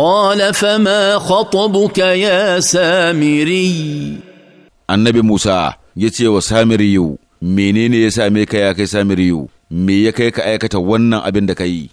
قال فما خطبك يا سامري النبي موسى يتي وسامري منين يا سامي كيا كي سامري مي يكيك ايكتا ونا ابن دكي